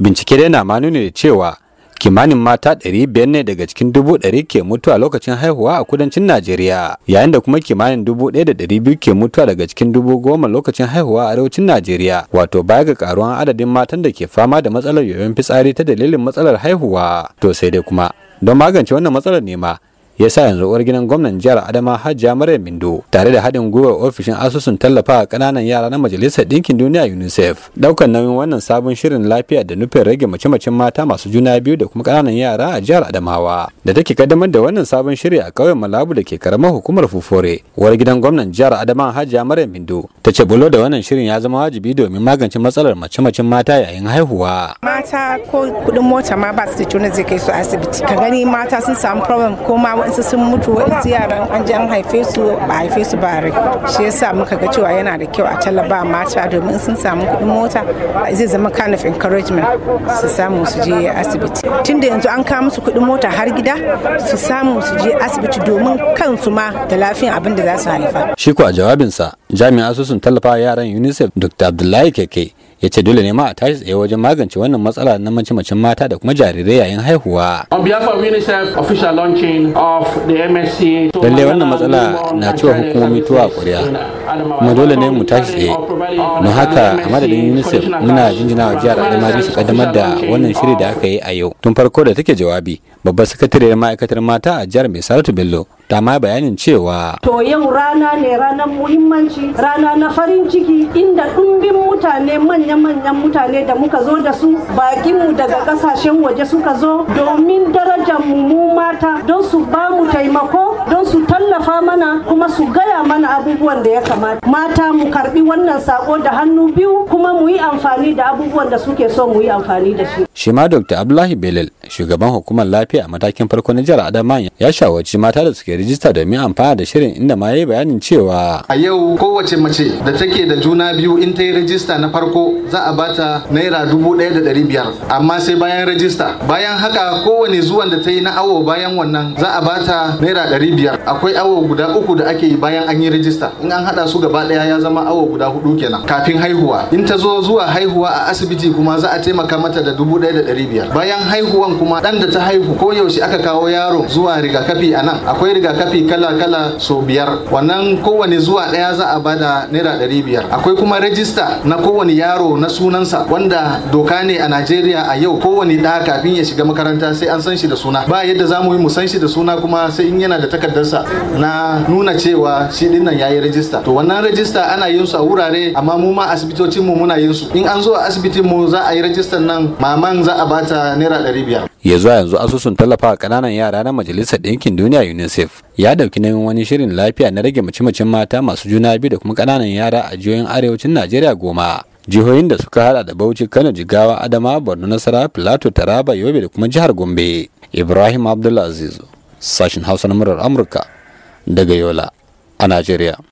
bincike dai na ma nuni da cewa kimanin mata 500 ne daga cikin 100 ke mutuwa lokacin haihuwa a kudancin najeriya yayin da kuma kimanin 1,200 ke mutuwa daga cikin 10,000 lokacin haihuwa a arewacin najeriya wato baya ga karuwan adadin matan da ke fama da matsalar yoyon fitsari ta dalilin matsalar haihuwa to sai dai kuma don magance wannan matsalar ne ma ya sa yanzu uwar gidan gwamnan jihar adama hajiya maryam mindo tare da haɗin gwiwar ofishin asusun tallafa ƙananan yara na majalisar ɗinkin duniya unicef ɗaukar nauyin wannan sabon shirin lafiya da nufin rage mace-macen mata masu juna biyu da kuma ƙananan yara a jihar adamawa da take kaddamar da wannan sabon shiri a ƙauyen malabu da ke karamar hukumar fufore uwar gidan gwamnan jihar adama hajiya maryam mindo ta ce bulo da wannan shirin ya zama wajibi domin magance matsalar mace-macen mata yayin haihuwa mata ko kuɗin mota ma ba su da juna zai kai su asibiti ka gani mata sun samu problem ko ma wa'ansu sun mutu wa'ansu yaran an ji an haife su ba haife su ba rai shi yasa muka ga cewa yana da kyau a tallaba mata domin sun samu kuɗin mota zai zama kind of encouragement su samu su je asibiti tunda yanzu an kawo musu kuɗin mota har gida su samu su je asibiti domin kansu ma da lafiyan abin da za su haifa shi ko a jawabinsa jami'a su sun tallafa yaran UNICEF Dr. Abdullahi Keke ya ce dole ne ma a tashi tsaye wajen magance wannan matsala na mace-macen mata da kuma jarirai yayin haihuwa. Lallai wannan matsala na cewa hukumomi tuwa ƙuri'a kuma dole ne mu tashi tsaye. Don haka a madadin UNICEF muna jinjina wa jihar Adamawa su kaddamar da wannan shiri da aka yi a yau. Tun farko da take jawabi babbar sakatariyar ma'aikatar mata a jihar mai Saratu Bello ta ma bayanin cewa. To yau rana ne ranar muhimmanci rana na farin ciki inda ɗumbin mutane manya-manyan mutane da muka zo da su bakinmu daga kasashen waje suka zo domin darajar haka don su ba mu taimako don su tallafa mana kuma su gaya mana abubuwan da ya kamata mata mu karbi wannan sako da hannu biyu kuma mu yi amfani da abubuwan da suke so mu yi amfani da shi shi ma dr abdullahi belal shugaban hukumar lafiya a matakin farko na jihar adama ya shawarci mata da suke rijista domin amfana da shirin inda ma ya yi bayanin cewa a yau kowace mace da take da juna biyu in ta yi rijista na farko za a bata naira dubu ɗaya da ɗari biyar amma sai bayan rijista bayan haka kowane zuwan da ta yi na awo bayan bayan wannan za a bata naira ɗari biyar akwai awo guda uku da ake yi bayan an yi rijista in an haɗa su gaba ɗaya ya zama awo guda hudu kenan kafin haihuwa in ta zo zuwa haihuwa a asibiti kuma za a taimaka mata da dubu ɗaya da ɗari biyar bayan haihuwan kuma ɗan da ta haihu ko yaushe aka kawo yaro zuwa rigakafi a nan akwai rigakafi kala kala so biyar wannan kowane zuwa ɗaya za a bada naira ɗari biyar akwai kuma rajista na kowane yaro na sunansa wanda doka ne a najeriya a yau kowane ɗa kafin ya shiga makaranta sai an san shi da suna ba yadda za mu kawai mu san shi da suna kuma sai in yana da sa na nuna cewa shi din nan yayi rajista to wannan rajista ana yin su a wurare amma mu ma asibitocin mu muna yin su in an zo a asibitin mu za a yi rajistar nan maman za a bata naira ɗari biyar ya zuwa yanzu asusun tallafa kananan yara na majalisar ɗinkin duniya unicef ya dauki nauyin wani shirin lafiya na rage mace-macen mata masu juna biyu da kuma kananan yara a jihohin arewacin najeriya goma jihohin da suka hada da bauchi kano jigawa adama borno nasara plateau taraba yobe da kuma jihar gombe Ibrahim Abdullah Azizu, sashin Hausa na murar Amurka daga Yola a Najeriya.